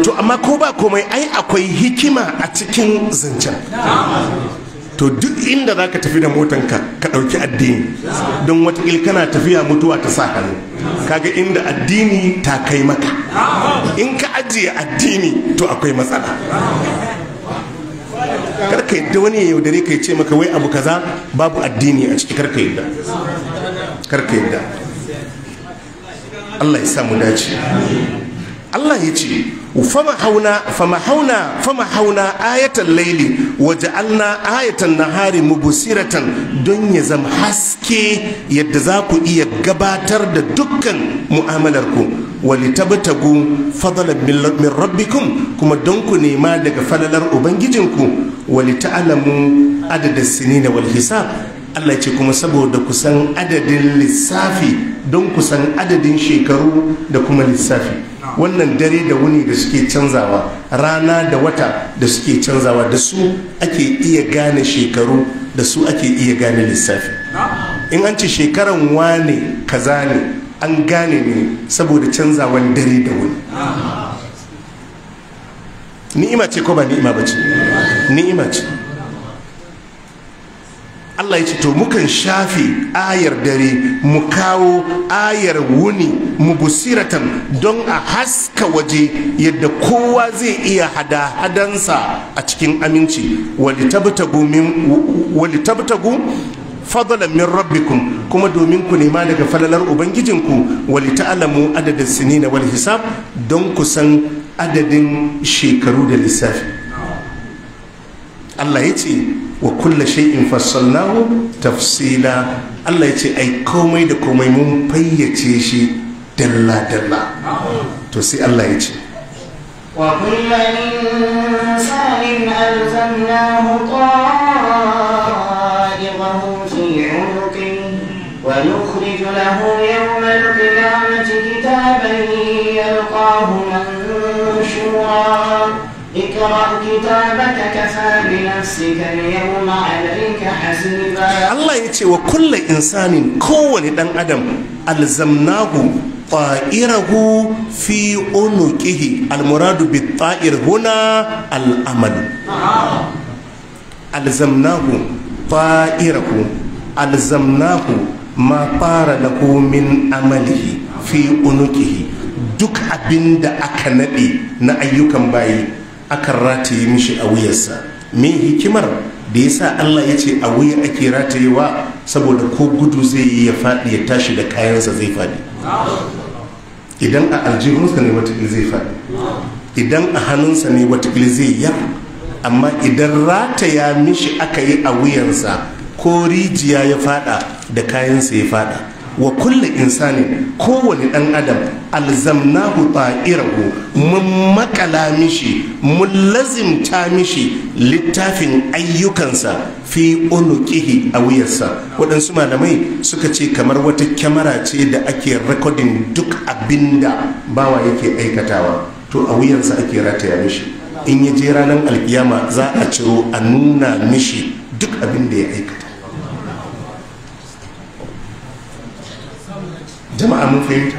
to amma ko ba komai ai akwai hikima a cikin zancen to duk inda za ka tafi da motanka ka ɗauki addini don watakil kana tafiya mutuwa ta sa hannu kaga inda addini ta kai maka in ka ajiye addini to akwai matsala karka yadda wani ya yaudare ka ce maka wai abu kaza babu addini a ciki karka yadda karka yadda Allah ya samu dace Allah ya ce fama hauna ayatan laili waje allah ayatan na hari mubusiratan don ya zama haske yadda za ku iya gabatar da dukkan mu'amalarku wali tabbata gu fadalar min rabbikum kuma don ku nema daga falalar ubangijinku wali ta'alamu adadin sini na wal hisab Allah ce kuma saboda kusan adadin lissafi don kusan adadin shekaru da kuma lissafi wannan dare da wuni da suke canzawa rana da wata da suke canzawa da su ake iya gane shekaru da su ake iya gane lissafi in an ce shekaran wane kaza ne an gane ne saboda canzawan dare da wuni ni'ima ce ko ba ni'ima ba ce ni'ima ce Allah ya ce to mukan shafe ayar dare mu kawo ayar wuni mu busiratan don a haska waje yadda kowa zai iya hada-hadansa a cikin aminci walitabtagu fadlan min rabbikum kuma domin ku nema daga falalar ubangijinku wali ta'alamu adadin sinina wal hisab don ku san adadin shekaru da lissafi Allah ya ce wa kulla shay'in fassalnahu tafsila Allah ya ce ai komai da komai mun fayyace shi dalla dalla to sai Allah ya ce wa kulla insanin alzamnahu ta'irahu fi 'unuqin wa nukhrij lahu yawma al-qiyamati kitaban yalqahu manshura Allah ya ce wa kulle insanin kowane ɗan adam alzamnahu ƙwa'irahu fi onokihi almuradu bi ta'ir al'amalu alzamnahu ƙwa'irahu alzamnahu ma fara da min amalihi fi duk abinda aka naɗe na ayyukan bayi akan rataye mishi a wuyarsa me hikimar da ya sa allah ya ce a wuya ake ratayewa saboda ko gudu zai yi ya faɗi ya tashi da kayansa zai faɗi idan a aljihunsa ne watakila zai faɗi idan a hannunsa ne watakila zai ya amma idan rataya mishi aka yi a wuyarsa, ko rijiya ya faɗa da kayansa ya faɗa wa kulle Insani, kowane dan adam alzamnahu ta'irahu mun makala mishi mun lazimta mishi littafin ayyukansa fi unuqihi a wuyarsa waɗansu malamai suka ce kamar wata kyamara ce da ake rekodin duk abinda bawa yake aikatawa to a wuyansa ake rataya mishi in ya je ranar alkiyama za a ciro a nuna mishi duk abinda ya aikata jama'a mun fahimta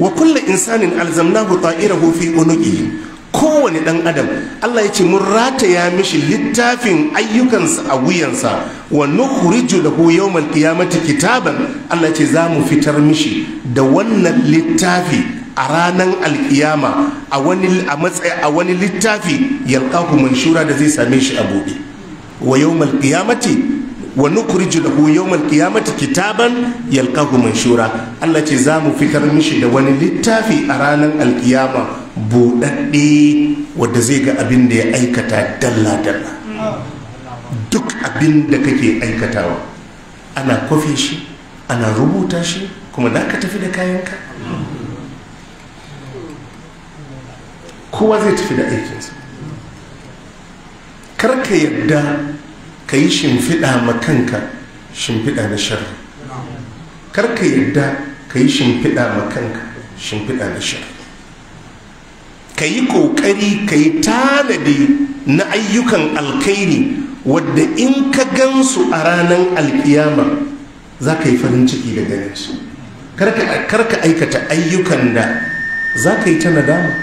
wa kullu insanin alzamnahu ta'irahu fi unuqi kowane dan adam Allah ya ce mun rataya mishi littafin ayyukansa a wuyansa wa nukhriju lahu yawmal qiyamati kitaban Allah ya ce za mu fitar mishi da wannan littafi a ranar alkiyama a wani a matsayi a wani littafi yalqahu manshura da zai same shi a buɗe wa yawmal qiyamati wa nukhriju lahu yawmal qiyamati kitaban yalqahu manshura Allah ce za mu fitar mishi da wani littafi a ranar alkiyama buɗaɗɗe wadda zai ga abin da ya aikata dalla dalla duk abin da kake aikatawa ana kofi shi ana rubuta shi kuma da ka tafi da kayanka kowa zai tafi da aikinsa karka yadda ka yi shimfiɗa ma kanka shimfiɗa na shari kar ka yadda ka yi shimfiɗa ma kanka shimfiɗa na shari ka yi ƙoƙari ka yi tanadi na ayyukan alkairi wadda in ka gansu a ranar alƙiyama za ka yi farin ciki da ganin su kar ka aikata ayyukan da za ka yi ta nadama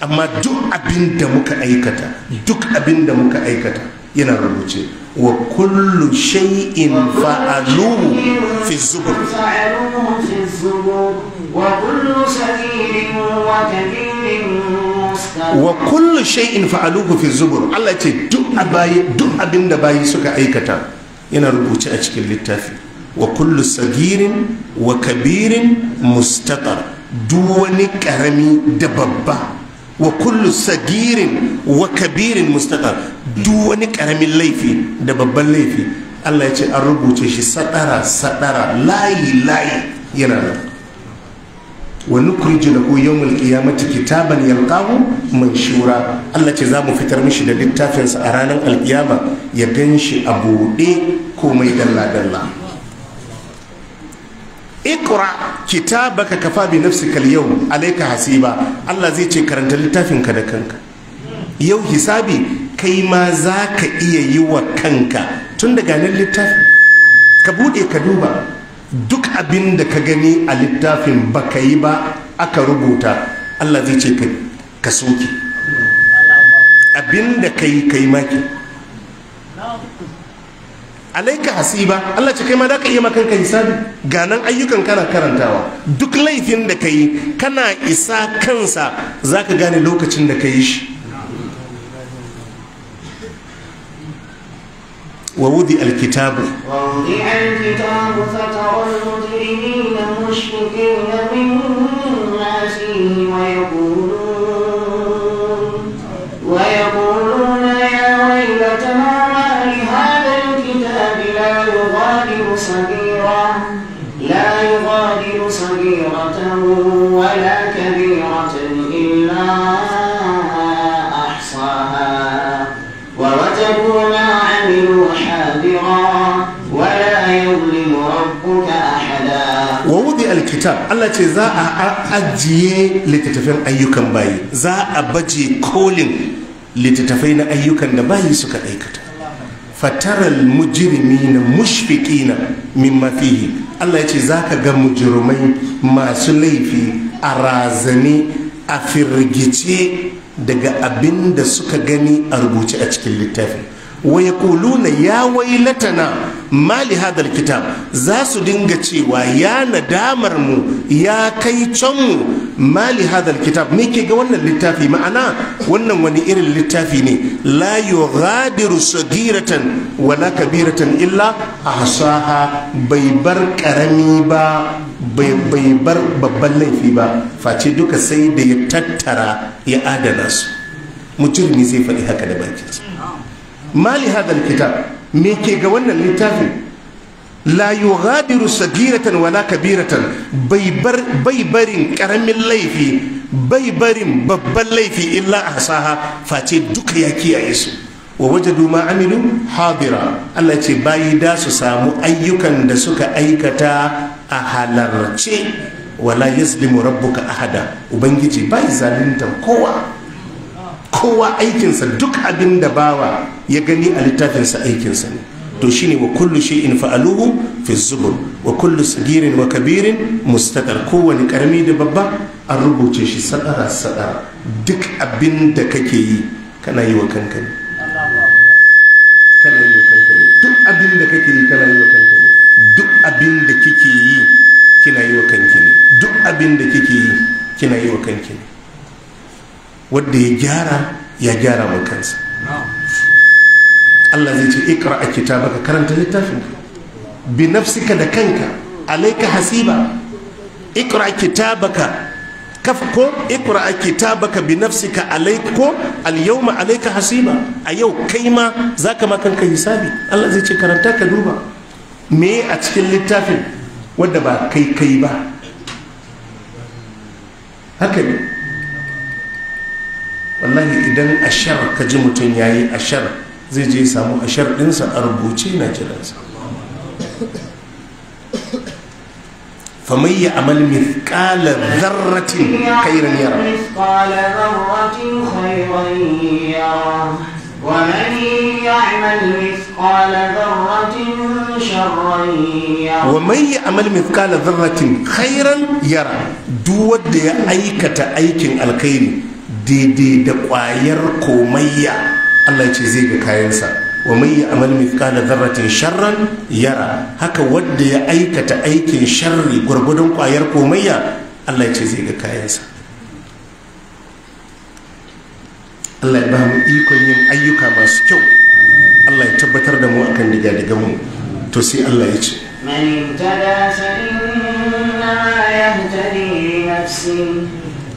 amma duk abin da muka aikata duk abin da muka aikata yana rubuce wa kullu shay'in fa'aluhu fi zubur wa kullu shay'in fa'aluhu fi zubur Allah ce duk abaye duk abinda bayi suka aikata yana rubuce a cikin littafi wa kullu sagirin wa kabirin mustaqar duk wani karami da babba wa kullu sagirin wa kabirin mustaqar duk wani karamin laifi da babban laifi Allah ya ce an rubuce shi sadara sadara layi layi yana nan wa koyon mulki ya mata kitaban mai shura Allah ce za mu fitar mishi da littafinsa a ranar alkiyama ya gan shi a buɗe komai dalla dalla ba kitabaka kafa bi kal yau yawm alayka hasiba Allah zai ce karanta littafinka da kanka yau hisabi kai ma za ka iya yi wa kanka tun daga nan littafin ka buɗe ka duba duk abin da ka gani a littafin ba ka yi ba aka rubuta allah zai ce ka soke abin da ka yi ka yi maki alaika hasiba Allah ce kai ma ka iya makanka hisabi ga nan ayyukan kana karantawa duk laifin da ka yi kana isa kansa za ka gane lokacin da ka yi shi ووضع الكتاب ووضع الكتاب فترى المجرمين مشفقين مما فيه ويقولون ويقولون يا ويلتنا ما لهذا الكتاب لا يغادر صغيرا لا يغادر صغيرة ولا كبيرة إلا kitab Allah ce za a ajiye littattafan ayyukan bayi za a baje kolin littattafai na ayyukan da bayi suka aikata fataral mujirimi na mushfiki na mimafihi Allah ce za ka ga mujirumai masu laifi a razane a firgice daga abin da suka gani a rubuce a cikin littafin. wa ya wailatana mali hadal kitab za su dinga cewa ya nadamar mu ya kai can mu mali hadal kitab me ke ga wannan littafi ma'ana wannan wani irin littafi ne la yughadiru sagiratan wala kabiratan illa ahsaha bai bar karami ba bai bar babban laifi ba face duka sai da ya tattara ya adana su Mutum ne zai faɗi haka da bakinsa mali hadal kitab me ke ga wannan littafin la yughadiru sagiratan wala kabiratan bai barin karamin laifi bai barin babban laifi illa ahsaha face duka ya kiyaye su wa wajadu ma amilu hadira Allah ce bayi da su samu ayyukan da suka aikata a halarce wala yazlimu rabbuka ahada ubangiji bai zalunta kowa kowa aikinsa duk abin da bawa ya gani a littafinsa aikinsa ne to shine wa kullu in fa'aluhu fi zubur wa kullu sigirin wa kabirin mustaqar kowani karami da babba an rubuce shi sadara sadara duk abin da kake yi kana yi wa kanka ne kana yi wa kanka ne duk abin da kake yi kana yi wa kanka ne duk abin da kike yi kina yi wa kanki ne duk abin da kike yi kina yi wa kanki ne Wadda ya gyara ya gyara wa kansa Allah zai ce ikra a ka karanta littafin bi nafsika da kanka alaika hasiba ikra a kitabaka kaf ko ikra a kitabaka bi nafsika alaiko alyawma alaika hasiba a yau kai ma zaka ma kanka hisabi Allah zai ce karanta ka duba me a cikin littafin wadda ba kai kai ba haka ne wallahi idan ashar ka ji mutum ya yi ashar zai je samu ashar ɗinsa a rubuce na jiransa famayya amal mithqala dharratin khairan yara mithqala yara wa man ya'mal mithqala yara wa man ya'mal mithqala dharratin khairan yara duk wanda ya aikata aikin alkhairi daidai da kwayar komayya Allah ce zai ga kayansa wa mai yi amal mithqala zarratin sharran yara haka wadda ya aikata aikin sharri gwargwadon kwayar komaiya Allah ce zai ga kayansa Allah ya ba mu ikon yin ayyuka masu kyau Allah ya tabbatar da mu akan daga mu to sai Allah ya ce من اهتدى فإنما يهتدي لنفسه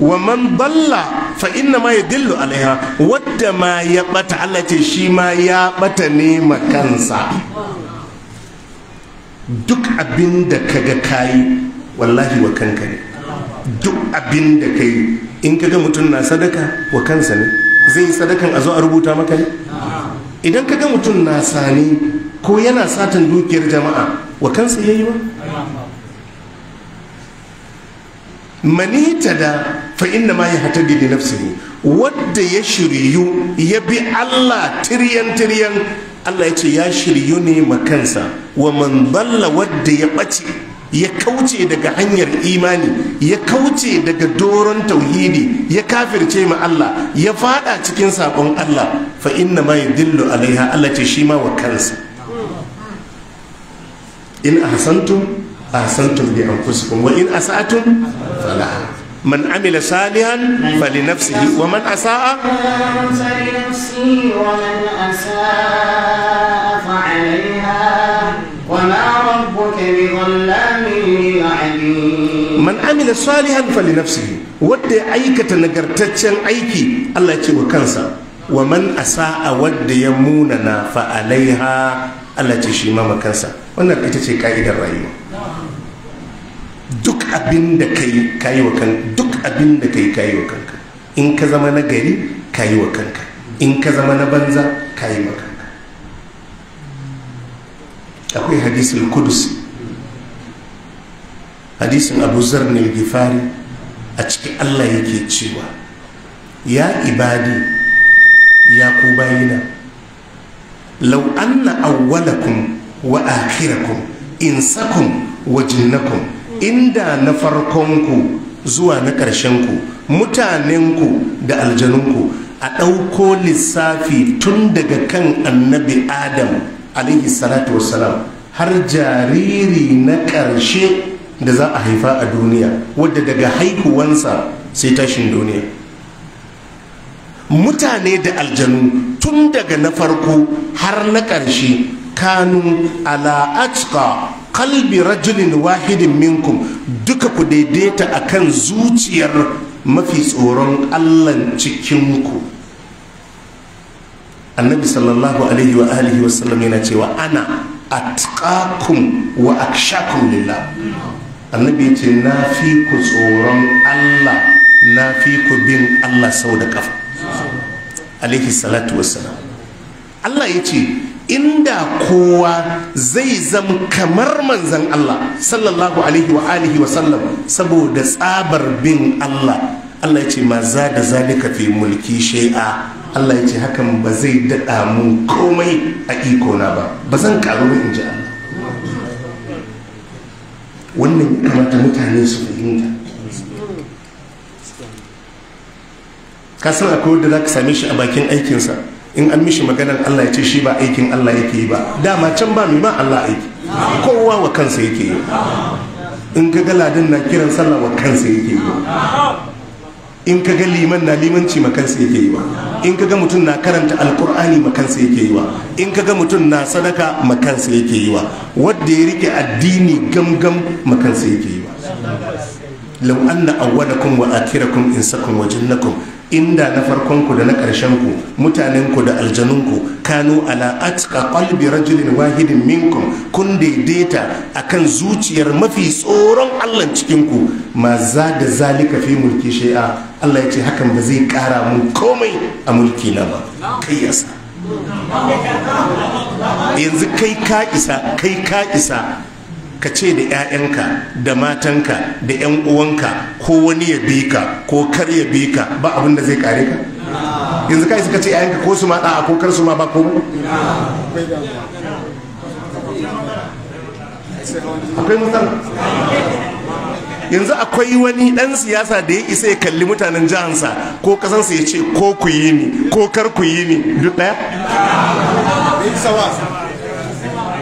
wa man dalla fa inna ma yadillu alaiha wadda ma ya bata Allah ce shi ma ya bata ne makansa duk abin da kaga kayi wallahi wa kanka ne duk abin da kai in kaga mutum na sadaka wa kansa ne zai yi sadakan a zo a rubuta maka ne idan kaga mutum na sani ko yana satan dukiyar jama'a wa kansa yayi ba manita da fa inna ma yahtadi bi nafsihi Wadda ya shiryu ya bi Allah tiryan tiryan Allah ya ce ya shiryu ne ma kansa wa man dalla wadda ya bace ya kauce daga hanyar imani ya kauce daga doron tauhidi ya kafirce ma Allah ya fada cikin sakon Allah fa inna ma yadillu alaiha Allah ce shi ma wa kansa in ahsantum ahsantum bi anfusikum wa in asatum falaha من عمل صالحا فلنفسه ومن أساء فلنفسه ومن أساء فعليها وما ربك بظلام للعبيد من عمل صالحا فلنفسه ودي أيكة نقرتتشن أيكي الله يتشوى كنسا ومن أساء ودي يموننا فعليها الله يتشوى ماما كنسا وانا بيتشي قائد الرأيوة abin da kai kayi wa kanka duk abin da yi kayi wa kanka in ka zama na gari kayi wa kanka in ka zama na banza kayi wa kanka akwai hadisun kudus hadisin abu zarnil gifari a cikin allah yake cewa ya ibadi ya ku bayina lau anna awwalakum wa akhirakum insakum wa jinnakum inda na farkonku zuwa na ƙarshenku mutanenku da aljanunku a ɗauko lissafi tun daga kan annabi adam alaihi salatu wasalam har jariri na ƙarshe da za a haifa a duniya wadda daga haihuwansa sai tashin duniya mutane da aljanu tun daga na farko har na ƙarshe kanun ala'atka kalbi rajulin wahidin minkum duka ku daidaita akan zuciyar mafi tsoron allan cikinku annabi sallallahu alaihi wa alihi wasallam yana cewa ana atqakum wa akshakum lillah annabi ce na fi ku tsoron allah na fi ku bin allah sau da kafa alaihi salatu wassalam allah ya ce inda kowa zai zama kamar manzan Allah sallallahu alaihi wa alihi wa sallam saboda tsabar bin Allah Allah ya ce ma za da zalika fi mulki shai'a Allah ya ce hakan ba zai daɗa mun komai a ikona ba ba zan karu in ji Allah wannan kamata mutane su fahimta ka san akwai da za ka same shi a bakin aikinsa in an mishi maganar Allah ya ce shi ba aikin Allah yake yi ba dama can ba mai ma Allah aiki kowa wa kansa yake yi in ka ga ladin na kiran sallah wa kansa yake yi in ka ga liman na limanci kansa yake yi ba in ka ga mutum na karanta alkur'ani kansa yake yi ba in ka ga mutum na sadaka kansa yake yi ba wadda ya rike addini gamgam kansa yake yi ba lau anna awwalakum wa akhirakum insakum wa jinnakum inda na farkonku da na ƙarshen ku mutanen ku da aljanun ku kanu ala atqa qalbi rajulin wahidin minkum kun daidaita a kan zuciyar mafi tsoron Allah cikin ku ma za da zalika fi mulki shay'a Allah ya ce hakan ba zai ƙara mun komai a mulki na ba kai yasa yanzu kai ka isa kai ka isa ka ce da 'ya'yanka da matanka da 'yan uwanka ko wani ya bi ka ko kar ya bi ka ba abin da zai kare ka yanzu kai suka ce 'ya'yanka ko su ma da'a ko kar su ma ba ko akwai matsala yanzu akwai wani dan siyasa da ya isa ya kalli mutanen jihansa ko kasansa ya ce ko ku yi ni ko kar ku yi ni duk daya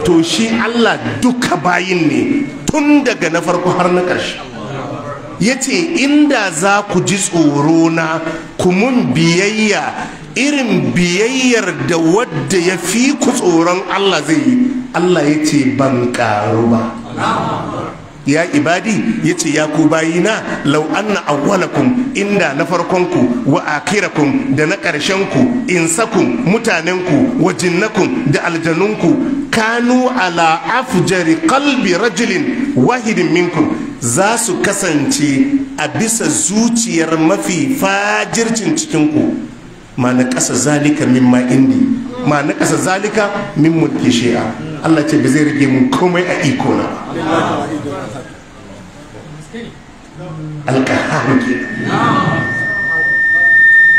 to shi Allah duka bayin ne tun daga na farko har na ƙarshe ya ce inda za ku ji tsoro na kumun biyayya irin biyayyar da wadda ya fi ku tsoron Allah zai yi Allah ya ce ban ƙaru ba ya ibadi ya ce ya ku bayina lau anna awwalakum inda na farkonku wa akirakum da na ƙarshenku insakun mutanenku wa jinnakun da aljanunku kanu ala afjari kalbi rajulin wahidin minkum za su kasance a bisa zuciyar mafi fajircin cikinku ma na ƙasa zalika min ma indi ma na ƙasa zalika min mulki shi'a Allah ce ba zai rage mun komai a iko na alƙahar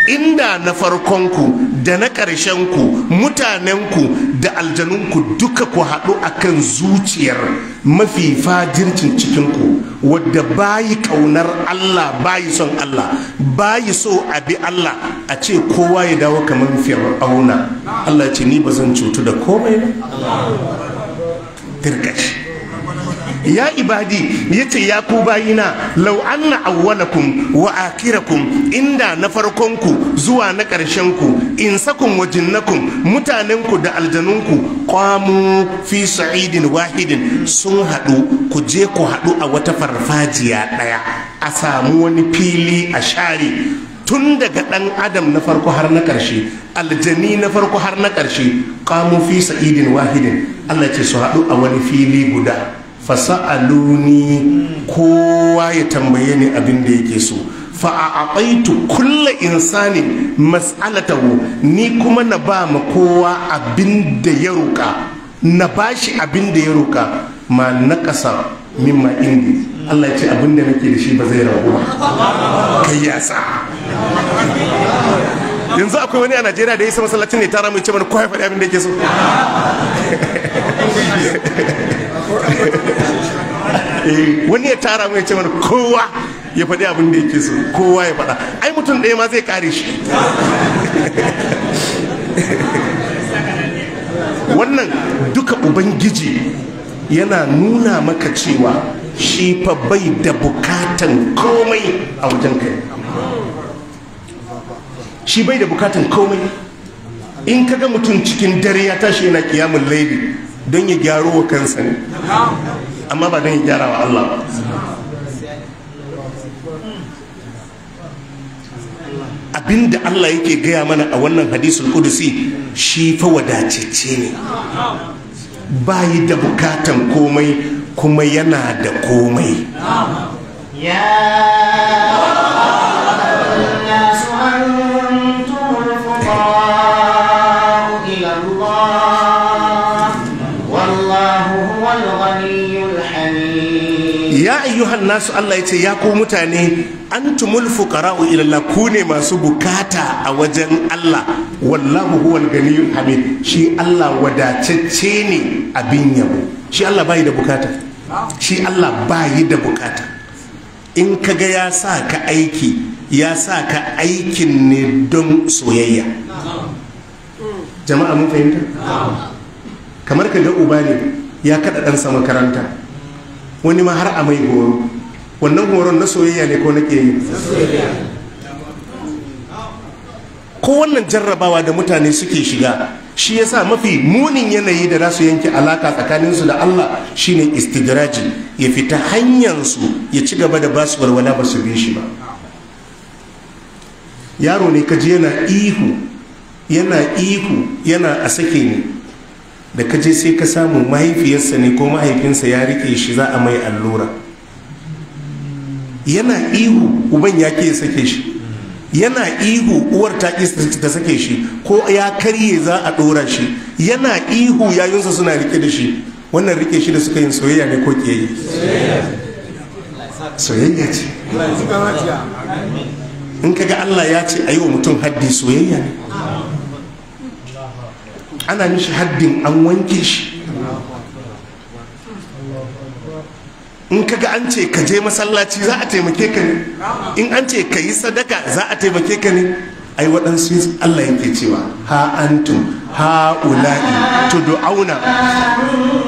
inda na farkonku da na ƙarshenku mutanenku da aljanunku duka ku haɗu a kan zuciyar mafi fajircin cikinku wadda bayi ƙaunar Allah bayi son Allah bayi so a bi Allah a ce kowa ya dawo kamar fir'auna Allah ce ni ba zan cutu da komai ba ya ibadi ya ce ya ku bayina law na awwalakum wa akhirakum inda na farkonku zuwa na ƙarshenku insakun wa nakun mutanenku da aljanunku Kwamu, fi sa'idin wahidin sun haɗu ku je ku haɗu a wata farfajiya ɗaya a samu wani fili a share tun daga ɗan adam na farko har na ƙarshe aljani na farko har na ƙarshe Kwamu, fi sa'idin wahidin allah ce su haɗu a wani fili guda aluni kowa ya tambaye ni abin da yake so fa a fa'a'aitu kulla Insani mas'alatahu ni kuma na ba ma kowa abin da ya roƙa na ba shi abin da ya roƙa ma naƙasa ma indi Allah ya ce abin da nake da shi ba zai ragu ba kai yasa yanzu akwai wani a najeriya da ya isa masallacin ne tara mai ce mana kowa ya faɗi abin da yake so Eh, wani ya tara mai ce mana kowa ya faɗi abin da yake so kowa ya faɗa ai mutum ɗaya ma zai kare shi wannan duka ubangiji yana nuna maka cewa shi fa bai da bukatan komai a wajen kai shi bai da bukatan komai in ka ga mutum cikin dare ya tashi yana kiyamun laili don ya gyaro wa kansa ne amma ba don yi gyara wa Allah ba abinda Allah yake gaya mana a wannan hadisul kudusi shi fa wadatacce ne ba yi da bukatan komai kuma yana da komai ya ayyuhan nasu Allah ya ce ya ku mutane an tumul fuqara'u ila Allah ku ne masu bukata a wajen Allah wallahu huwal gani hamid shi Allah wadatacce ne abin yabo shi Allah bai da bukata shi Allah bai da bukata in kaga ya sa ka aiki ya sa ka aikin ne don soyayya jama'a mun fahimta kamar ka ga uba ne ya kada ɗansa makaranta wani ma har a mai horo wannan horon na soyayya ne ko na ke yi ko wannan jarrabawa da mutane suke shiga shi ya sa mafi munin yanayi da za su yanke alaka tsakaninsu da Allah shine istidraji ya fita hanyarsu ya ci gaba da basu walwala ba su bi shi ba yaro ne kaji yana ihu yana ihu yana a sake ne da ka je sai ka samu mahaifiyarsa ne ko mahaifinsa ya rike shi za a mai allura yana ihu uban ya ke sake shi yana ihu uwar ta ta sake shi ko ya karye za a ɗora shi yana ihu yayinsa suna rike da shi wannan rike shi da suka yin soyayya ne ko yi soyayya ce in kaga Allah ya ce a yi wa mutum haddi soyayya ne ana mishi haddin an wanke shi in kaga an ce ka je masallaci za a taimake ka ne in an ce ka yi sadaka za a taimake ka ne ai waɗansu Allah yake cewa ha antum ha ula'i tudu'auna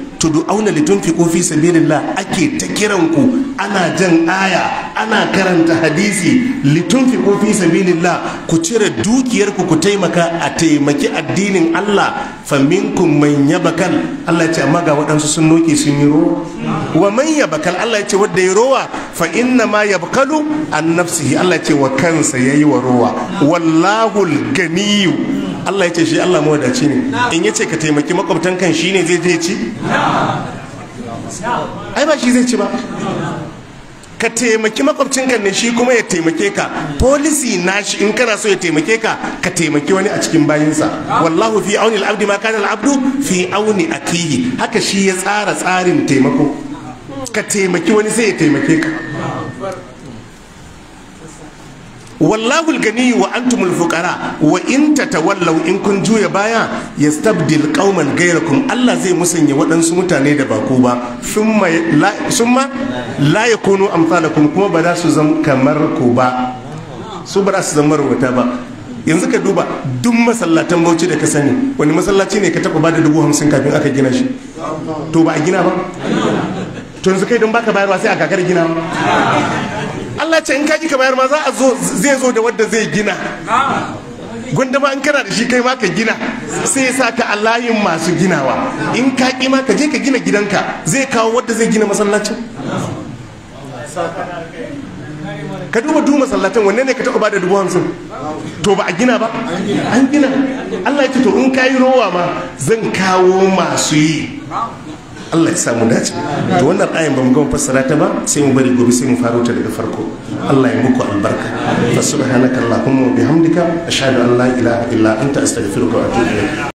tudu'auna litunfiqu fi sabilillah ake ta kiran ku ana jan aya ana karanta hadisi litunfiqu fi sabilillah ku cire dukiyarku ku taimaka a taimaki addinin Allah fa minkum man yabakal Allah ya ce amma ga waɗansu sun noke sun yi rowa wa man yabakal Allah ya ce wanda ya rowa fa inna ma yabkalu an nafsihi Allah ya ce wa kansa yayi wa rowa wallahul ganiyyu Allah ya ce shi Allah mawadaci ne in ya ce ka taimaki makwabtan kan shi ne zai je ci ai ba shi zai ci ba ka taimaki makwabcin kan ne shi kuma ya taimake ka policy shi in kana so ya taimake ka ka taimaki wani a cikin bayinsa wallahu fi auni al ma kana al-abdu fi auni akihi haka shi ya tsara tsarin taimako ka taimaki wani sai ya taimake ka wallahu gani wa antumul fukara, wa in tatawallaw in kun juya baya ya yastabdil qauman ghayrakum Allah zai musanya waɗansu mutane da ba ku ba summa la summa la yakunu amsalakum kuma ba za su zama kamar ku ba su ba za su zama rubuta ba yanzu ka duba duk masallatan bauchi da ka sani wani masallaci ne ka taba ba da dubu hamsin kafin aka gina shi to ba a gina ba to yanzu kai don baka bayarwa sai a kakar gina ba Allah ce in kaji ka bayar ma za a zo zai zo da wanda zai gina gundama in kana da shi kai ma ka gina sai ya sa ka Allahin masu ginawa in ka ki ma ka je ka gina gidanka zai kawo wanda zai gina masallacin ka duba du masallacin wanne ne ka taɓa bada dubu hamsin to ba a gina ba an gina Allah ya ce to in kayi rowa ma zan kawo masu yi Allah ya samu dace to wannan ayin ba mu gama fassara ta ba sai mu bari gobe sai mu faro ta daga farko Allah ya muku albarka fa subhanaka allahumma wa bihamdika ashhadu an la ilaha illa anta astaghfiruka wa atubu ilayk